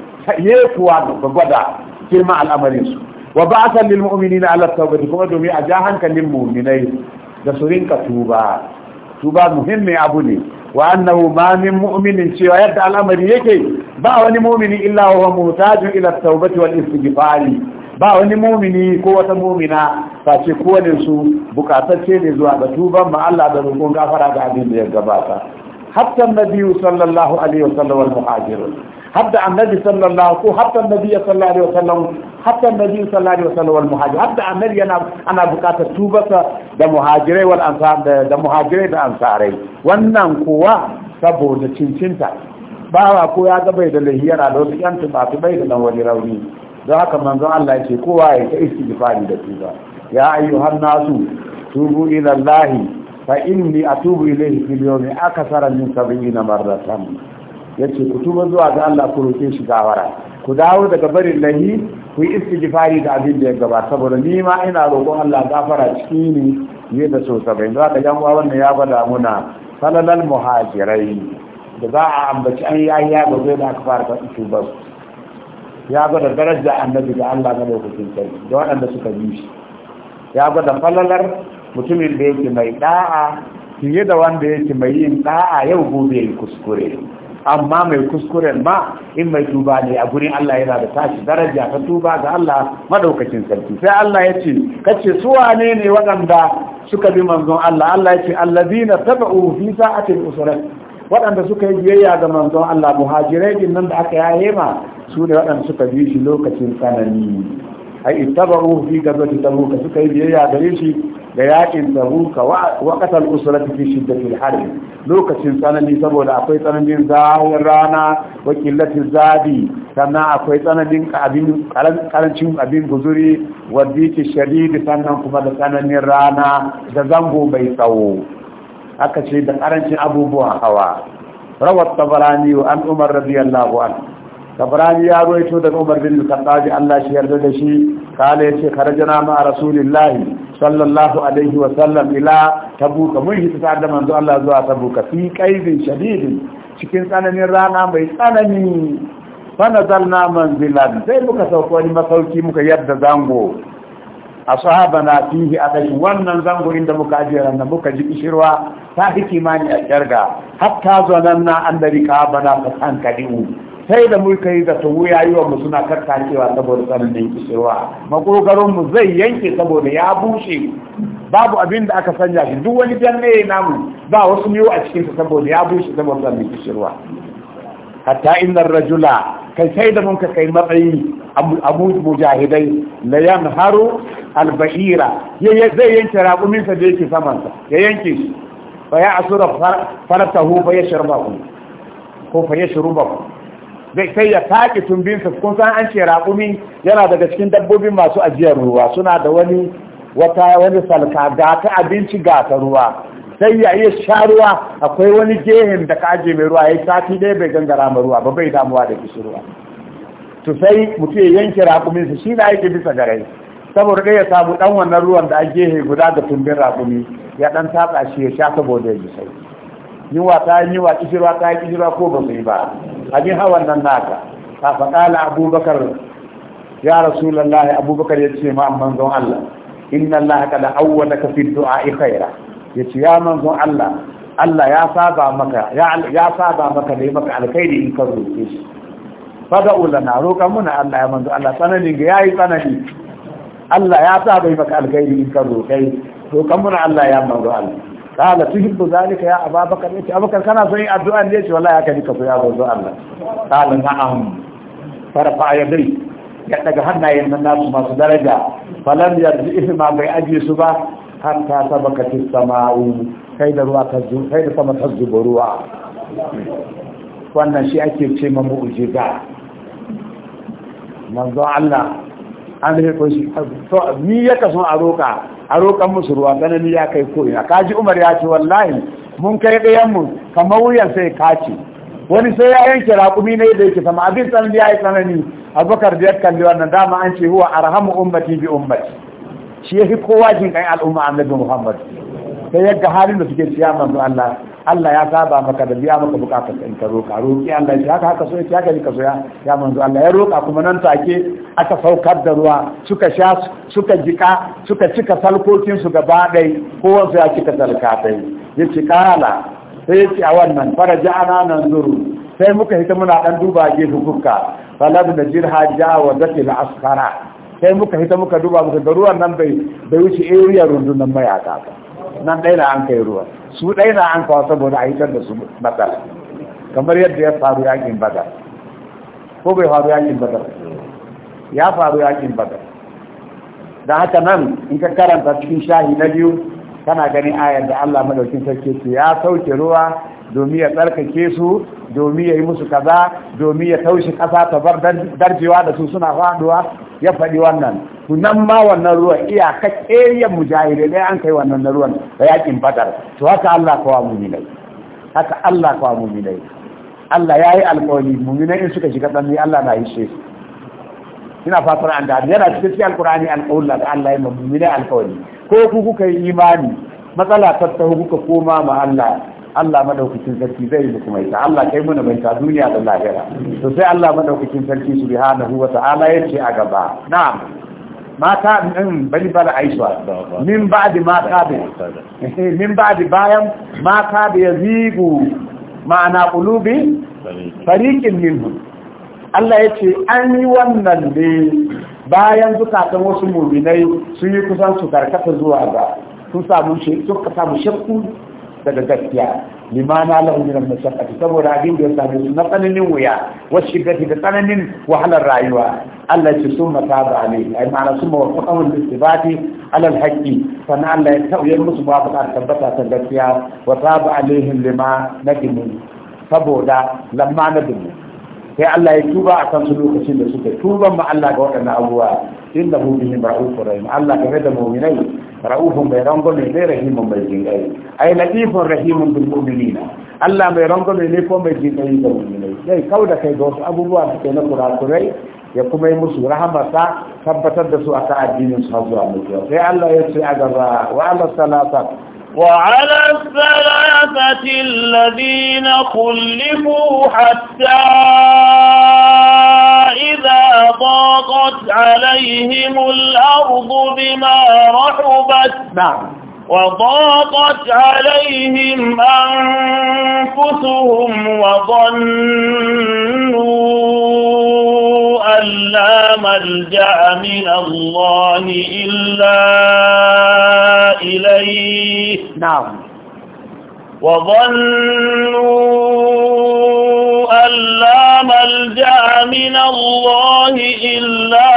kuwa da gwada girma al'amarinsu wa ba'athan lil na ala tawbati kuma domin a ja hankalin mu'minai da su rinka tuba tuba muhimmin abu ne wa annahu ma min mu'minin cewa yadda al'amari yake ba wani mu'mini illa huwa muhtajun ila tawbati wal istighfari ba wani mu'mini ko wata mu'mina face kowane su bukatacce ne zuwa ga tuban ma Allah da roƙon gafara ga abin da ya gabata hatta nabi sallallahu alaihi wasallam wal muhajirun حتى النبي صلى الله عليه وسلم حتى النبي صلى الله عليه وسلم حتى النبي صلى الله عليه وسلم والمهاجر حتى النبي أنا أنا بكات توبة ده مهاجري والأنصار ده مهاجري ده أنصاري wannan kuwa saboda cincinta bawa ko ya ga bai da lahiyar a lokacin yan tubatu bai da nan wani rauni don haka manzon Allah ya ce kowa ya ta istighfari da tuba ya ayyuhan nasu tubu ila Allah fa inni atubu ilayhi fil yawmi akthara min yace ku tuba zuwa ga Allah ku roke shi gawara ku dawo daga barin lahi ku yi istighfari da abin da ya gaba saboda ni ma ina roƙon Allah gafara cikin ni ne da so sabai da ga yan wannan ya gwada muna salalal muhajirai da za a ambaci an yayi ya gaba da aka fara faɗi tuba ya gwada darajar annabi da Allah na lokacin sai da waɗanda suka bi shi ya gwada falalar mutumin da yake mai da'a fiye da wanda yake mai yin da'a yau gobe kuskure amma mai kuskuren ma in mai tuba ne a gurin Allah yana da tashi daraja ta tuba ga Allah madaukakin sarki sai Allah ya ce kace su wane ne waɗanda suka bi manzon Allah Allah ya ce allazina tabu fi sa'atil usrat waɗanda suka yi biyayya ga manzon Allah muhajirai din nan da aka yaye ma su ne waɗanda suka bi shi lokacin tsanani ai ittaba'u fi gazwati tabuk suka yi biyayya gare shi da yaƙin da huka wa ƙasar usulati fi shiddatil harbi lokacin tsanani saboda akwai tsananin zawon rana wa killatin zabi sannan akwai tsananin karancin abin guzuri wa diki shadidi sannan kuma da tsananin rana da zango mai tsawo aka ce da karancin abubuwan hawa rawar tabarani wa an umar radiyallahu anhu tabrani ya ruwaito daga Umar bin Khattab Allah shi yarda da shi kala yace kharajana ma rasulillahi sallallahu alaihi wa sallam ila tabuka mun hita ta da manzo Allah zuwa tabuka fi qaidin shadidin cikin tsananin rana mai tsanani fa nazalna manzilan sai muka sauko wani masauki muka yadda zango ashabana fihi akai wannan zango inda muka ajiye ran muka ji kishirwa ta hikima a kyarga hatta zananna an da rika bana ka kadiu sai da muka yi da tawu yi wa mu suna kakkacewa saboda tsananin kishewa makogaron mu zai yanke saboda ya bushe babu abin da aka sanya shi duk wani danne namu ba wasu miyo a cikinsa saboda ya bushe saboda tsananin kishewa hatta innar rajula kai sai da mun ka kai matsayi abu mujahidai la yanharu albahira, zai yanke raƙuminsa da yake saman sa ya yanke shi fa ya asura faratahu fa ku, ko fa ya ku. zai kai ya taƙi tumbinsa kun san an ce raƙumi yana daga cikin dabbobin masu ajiyar ruwa suna da wani wata wani salka ga ta abinci ga ta ruwa sai ya iya sha ruwa akwai wani gehen da ka ajiye mai ruwa ya sati ɗaya bai gangara ma ruwa ba bai damuwa da kishi ruwa to sai mutum ya yanke raƙuminsa shi na yake bisa garai saboda ɗaya ya samu ɗan wannan ruwan da a gehe guda da tumbin raƙumi ya ɗan tatsa shi ya sha saboda ya ji sai yiwa ta yi yiwa kishirwa ta yi kishirwa ko ba su yi ba a abin hawan nan naka a faƙala abubakar ya rasulullahi abubakar ya ce ma manzon Allah inna Allah ka da awwala ka fi du'a khaira ya ce ya manzon Allah Allah ya saba maka ya saba maka da maka alkhairi in ka roƙe shi fada ulana roƙa muna Allah ya manzo Allah tsananin ga yayi tsanani Allah ya saba maka alkhairi in ka roƙe roƙa muna Allah ya manzo Allah kala tuhibbu zalika ya ababakar yace abakar kana son yin addu'a ne yace wallahi haka nika so ya zo Allah kala na'am farfa yadai ya daga hannayen nan nasu masu daraja falam yarji ihma bai aje su ba hatta sabakatis sama'u kai da ruwa ta zu kai da sama ta zuba ruwa wannan shi ake ce ma mu'jiza manzo Allah an rike shi to ni ya kaso a roka a roƙon musu ruwa tsanani ya kai ko'ina. ina kaji umar ya ce wallahi mun kai ɗayan mu kamar wuyan sai kaci wani sai ya yanke raƙumi ne da yake sama abin tsanani ya yi tsanani abubakar da ya kalli wannan dama an ce huwa arhamu ummati bi ummati shi yafi kowa jin kan al'umma annabi muhammad sai yadda halin da suke siya manzo Allah Allah ya saba maka da biya maka bukatar in ka roƙa roƙi Allah ya haka haka so ya haka ka so ya ya manzo Allah ya roƙa kuma nan take aka saukar da ruwa suka sha suka jika suka cika salkokin su gaba ɗai wanzu ya cika dai ya ci kala sai ya ci a wannan faraja ana nan zuru sai muka hita muna dan duba gefe fuska falad da jirha ja wa la askara sai muka hita muka duba muka da ruwan nan bai bai wuce area rundunar mayaka ba nan ɗaya na an kai ruwa su ɗaya na an kawo saboda a hitar da su matsala kamar yadda ya faru yakin badar ko bai faru yakin badar ya faru yakin badar da haka nan in ka karanta cikin shahi na biyu kana ganin ayar da Allah madaukin sarki ce ya sauke ruwa domin ya tsarkake su domin ya yi musu kaza domin ya taushe kasa ta bar darjewa da su suna faduwa ya faɗi wannan kunan ma wannan ruwan iyaka ƙeriyar mujahide ɗaya an kai wannan ruwan da yakin badar to haka Allah kawa muminai haka Allah kawa muminai Allah ya yi alƙawari muminai in suka shiga tsanani Allah na yi su ina fatar an da yana cikin alƙur'ani alƙawalla da Allah ya muminai alƙawari ko ku kuka yi imani matsala ta taho kuka koma ma Allah Allah madaukakin sarki zai yi kuma ita Allah kai mana bai duniya da lahira to sai Allah madaukakin sarki subhanahu wa ta'ala yace a gaba na'am mata din bari bala aisha min ba'di ma kabe eh, min ba'di bayan ma kabe yazigu ma'ana qulubi fariqin minhum Allah yace an yi wannan ne bayan zukatan wasu muminai sun yi kusan su karkata zuwa ga sun samu suka samu shakku daga gaskiya limana lahu min al-mashaqqati saboda abin da ya samu na tsananin wuya wa shiddati da tsananin wahalar rayuwa Allah ya summa taba alai ai ma'ana summa wafaqahu al-istibati ala al-haqqi sannan Allah ya tauye musu muwafaqa tabbata ta gaskiya wa taba alaihim lima nadimu saboda lamma nadimu sai Allah ya tuba a kansu lokacin da suka tuban ma Allah ga waɗannan abubuwa inda hu bihim ra'ufur rahim Allah game da mu'minai ra'ufun bai rangwame ne rahimun bai jinkai ai latifun rahimun bil mu'minina Allah mai rangwame ne ko mai jinkai da mu'minai sai kauda kai ga wasu abubuwa ke na kurakurai ya kuma yi musu rahamarsa tabbatar da su a addinin su har zuwa mutuwa sai Allah ya ce a gaba wa Allah وعلى الثلاثة الذين خلفوا حتى إذا ضاقت عليهم الأرض بما رحبت نعم. وضاقت عليهم أنفسهم وظنوا أن لا ملجأ من الله إلا إليه نعم وظنوا أن لا ملجأ من الله إلا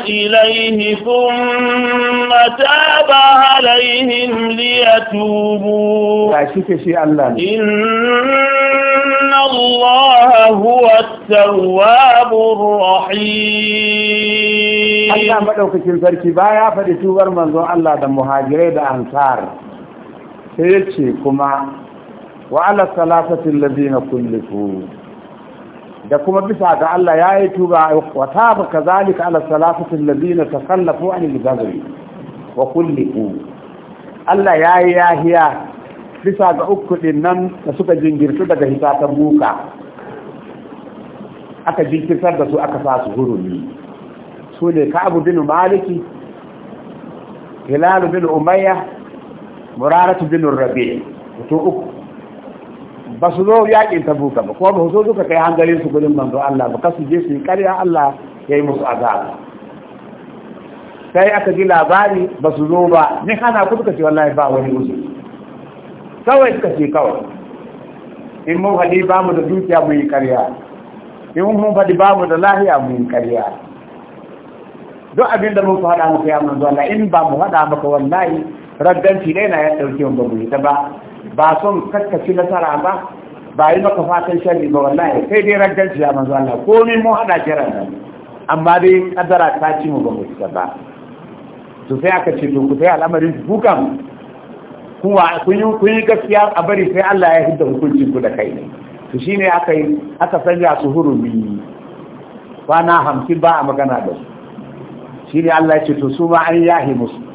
إليه ثم تاب عليهم ليتوبوا إن الله هو التواب الرحيم Allah madaukakin sarki baya faɗi tubar manzon Allah da muhajirai da ansar sai ya ce kuma wa ala salasatin lazina kullifu da kuma bisa ga Allah ya yi tuba wa taba kazalika ala salasatin lazina takallafu anil gazri wa kullifu Allah ya yi yahiya bisa ga uku nan da suka jingirtu daga hisatan buka aka jinkirtar da su aka sa su hurumi su ne ka abu bin maliki hilal bin umayya muraratu bin rabi to uku ba su zo yakin tabuka ba kuma ba su zo suka kai hangarin su gudun manzo Allah ba kasu je su yi karya Allah ya yi musu azaba sai aka ji labari ba su zo ba ni hana ku suka ce wallahi ba wani musu kawai suka ce kawai in mun faɗi ba mu da dukiya mu yi karya in mun faɗi ba mu da lahiya mu yi karya duk abin da mun faɗa muka ya manzo Allah in ba mu faɗa maka wallahi ragganci ne na ya ɗauke wa babu ita ba ba son kakkaci nasara ba ba yi maka fatan shari ba wallahi sai dai ragganci ya manzo Allah ni mun hada kira nan amma dai kadara ta ci mu babu ita ba to sai aka ce to ku sai al'amarin ku kam kuwa kun yi kun yi gaskiya a bari sai Allah ya hidda hukuncin ku da kai ne to shine aka yi aka sanya su hurumi kwana hamsin ba a magana da su ne Allah ya ce to su ma an yahi musu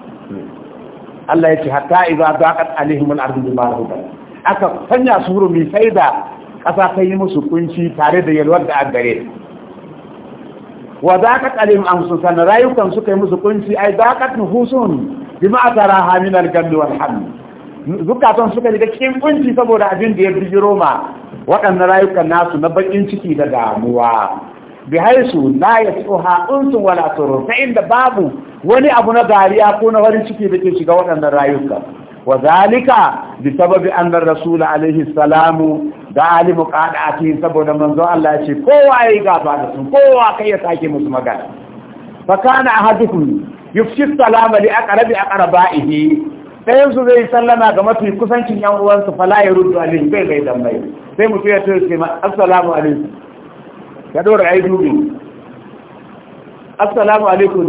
Allah ya ce hatta idza daqat alaihim al-ardu bima rahabat aka sanya su hurumi sai da ƙasa ta yi musu kunci tare da yalwar da aggare wa daqat alaihim anfusuhum rayukan suka yi musu kunci ai daqat nufusuhum bima ataraha min al-gammi wal hamd zukatan suka yi cikin kunci saboda abin da ya bijiro ma waɗannan rayukan nasu na bakin ciki da damuwa bihaisu la yasuha unsun wala turu ta inda babu wani abu na gariya ko na farin ciki da ke shiga waɗannan rayuka wa zalika bi sababi anna rasul alaihi salamu da ali muqadati saboda manzo Allah ya ce kowa yayi gaba da su kowa kai ya sake musu magana fa kana ahadukum yufshi salama li aqrabi aqrabaihi sai su zai sallama ga mafi kusancin yan uwansu fala ya ruddu alaihi bai bai dan bai sai mutum ya ce assalamu alaikum ya dora ya yi dubi assalamu alaikum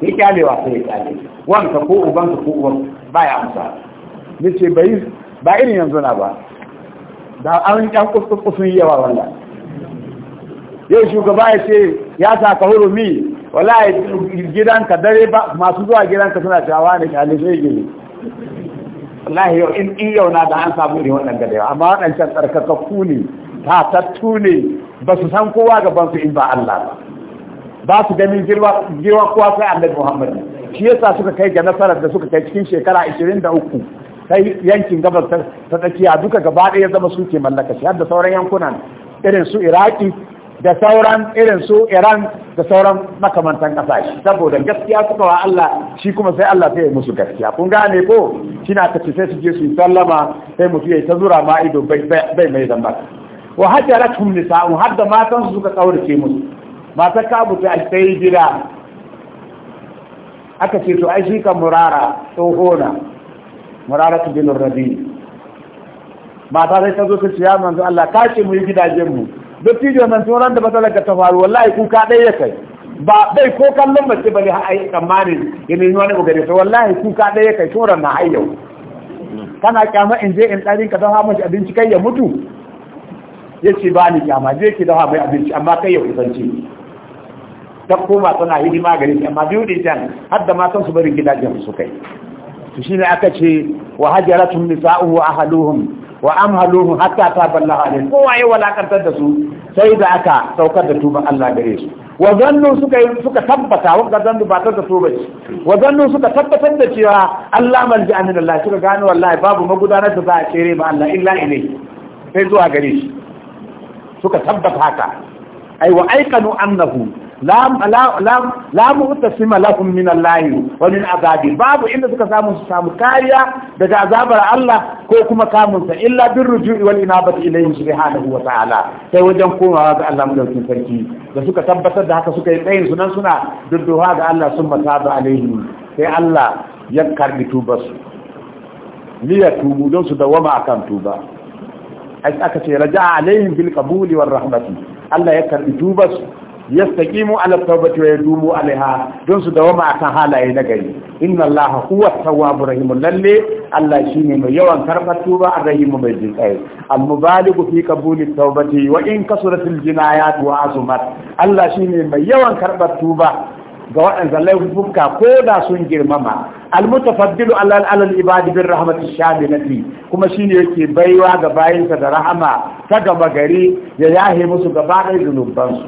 ne ya kyalewa sai ya kyale wanka ko ubanka ko uban ba ya amsa ne ce bai ba irin yanzu na ba da an yan yi yawa wannan yau shugaba ya ce ya saka mi wala gidanka dare ba masu zuwa gidanka suna cewa ne kyale sai gini Allah yau in yau na da an samu irin wannan gadewa amma waɗancan tsarkakakku ne fatattu ne ba su san kowa gaban su in ba Allah ba ba su ganin girwa kowa sai Allah Muhammad shi yasa suka kai ga nasarar da suka kai cikin shekara 23 sai yankin gabas ta tsakiya duka gaba ɗaya zama su ke mallaka shi har da sauran yankunan irin su Iraki da sauran irin su Iran da sauran makamantan kasashe saboda gaskiya suka wa Allah shi kuma sai Allah sai ya musu gaskiya kun gane ko shi na kace sai su je su sallama sai mutu ya ta zura ma ido bai mai zamba wa hajaratum nisa'u har da matan su suka kaurace musu matar kabu ta yi gida aka ce to ai shi ka murara tsohona murara tu bin rabi mata sai ta zo ta ce ya manzo Allah ka ce mu yi gidajen mu duk tijo nan tun ran da matsalar ta faru wallahi kuka ɗaya ya kai ba dai ko kallon mace bane har ai tsammanin ya nemi wani kokari to wallahi kuka ɗaya ya kai tun ran na hayyau. kana kyama in je in ɗarin ka don ha mace abinci kai ya mutu ya ce ba ni kyama zai ke dawa mai abinci amma kai ya kusance ta koma tana hidima gare shi amma biyu ne can har da matan su barin gidajen su kai to ne aka ce wa hajaratun nisa'u wa ahluhum wa amhaluhum hatta ta balla alayhi kowa ya walakantar da su sai da aka saukar da tuban Allah gare su wa suka suka suka tabbata wanda zannu ba ta tuba ce wa suka tabbatar da cewa Allah malji amin Allah suka gano wallahi babu magudanar da za a cere ba Allah illa ilai sai zuwa gare shi suka tabbata haka ai wa aikanu annahu la mu'tasima lahum min Allah wa min azabi babu inda suka samu su samu kariya daga azabar Allah ko kuma kamun sa illa bir ruju'i wal inabati ilayhi subhanahu wa ta'ala sai wajen komawa ga Allah madaukakin sarki da suka tabbatar da haka suka yi tsayin su nan suna dudduha ga Allah sun mataba alaihi sai Allah ya karbi tubar su liya tubu don su dawama akan tuba aka ce raja'a alaihim bil qabuli war rahmati Allah ya karbi tubar su yastaqimu ala tawbati wa yadumu alaiha don su dawama akan halaye na gari inna allaha huwa tawwabur rahim lalle allah shine mai yawan karbar tuba arrahimu mai jinkai al mubaligu fi qabuli tawbati wa in kasurat jinayat wa azumat allah shine mai yawan karbar tuba ga waɗanda laifuka ko da sun girmama almutafaddilu alal alal ibadi bin rahmatin shamilati kuma shine yake baiwa ga bayinsa da rahama ta gama gari ya yahe musu gaba ɗaya zunubansu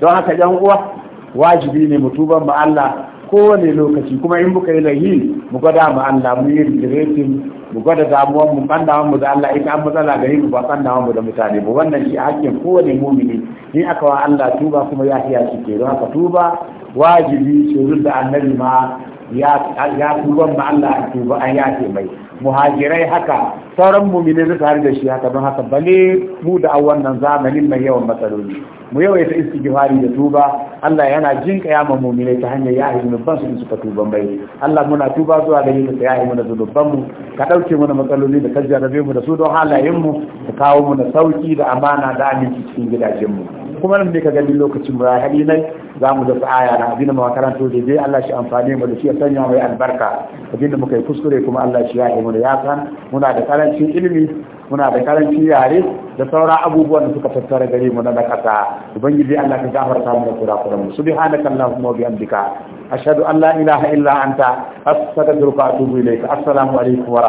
don haka yan uwa wajibi ne mutuban mu Allah kowane lokaci kuma in muka yi lahi mu gwada mu Allah mu yi regretin mu gwada damuwan mu damuwan mu da Allah ita an matsala yi mu ba damuwan mu da mutane ba wannan shi hakkin kowane mumini in aka wa Allah tuba kuma ya iya shi ke don haka tuba wajibi shirin da annabi ma ya tuban ma Allah a tuba an yafe mai muhajirai haka sauran mumine suka har da shi haka don haka bale mu da a wannan zamanin mai yawan matsaloli mu yawaita istighfari da tuba Allah yana jin kayama mumine ta hanyar ya yi zunuban su suka tuban bai Allah muna tuba zuwa gare ka ya yi mana mu ka ɗauke mana matsaloli da ka jarrabe mu da su don halayen mu ka kawo mu da sauki da amana da aminci cikin gidajen mu kuma nan ne ka gani lokacin mu hali nai za mu dasa aya na abinda makaranta da dai Allah shi amfani mu da shi ya sanya mai albarka abinda muka yi kuskure kuma Allah shi ya yi mu da ya san muna da karancin ilimi muna da karancin yare da sauran abubuwan da suka tattara gare mu na nakasa ubangiji Allah ka gafarta mu da kurakuran mu subhanaka allahumma wa bihamdika ashhadu an la ilaha illa anta astaghfiruka wa atubu ilayk assalamu alaikum wa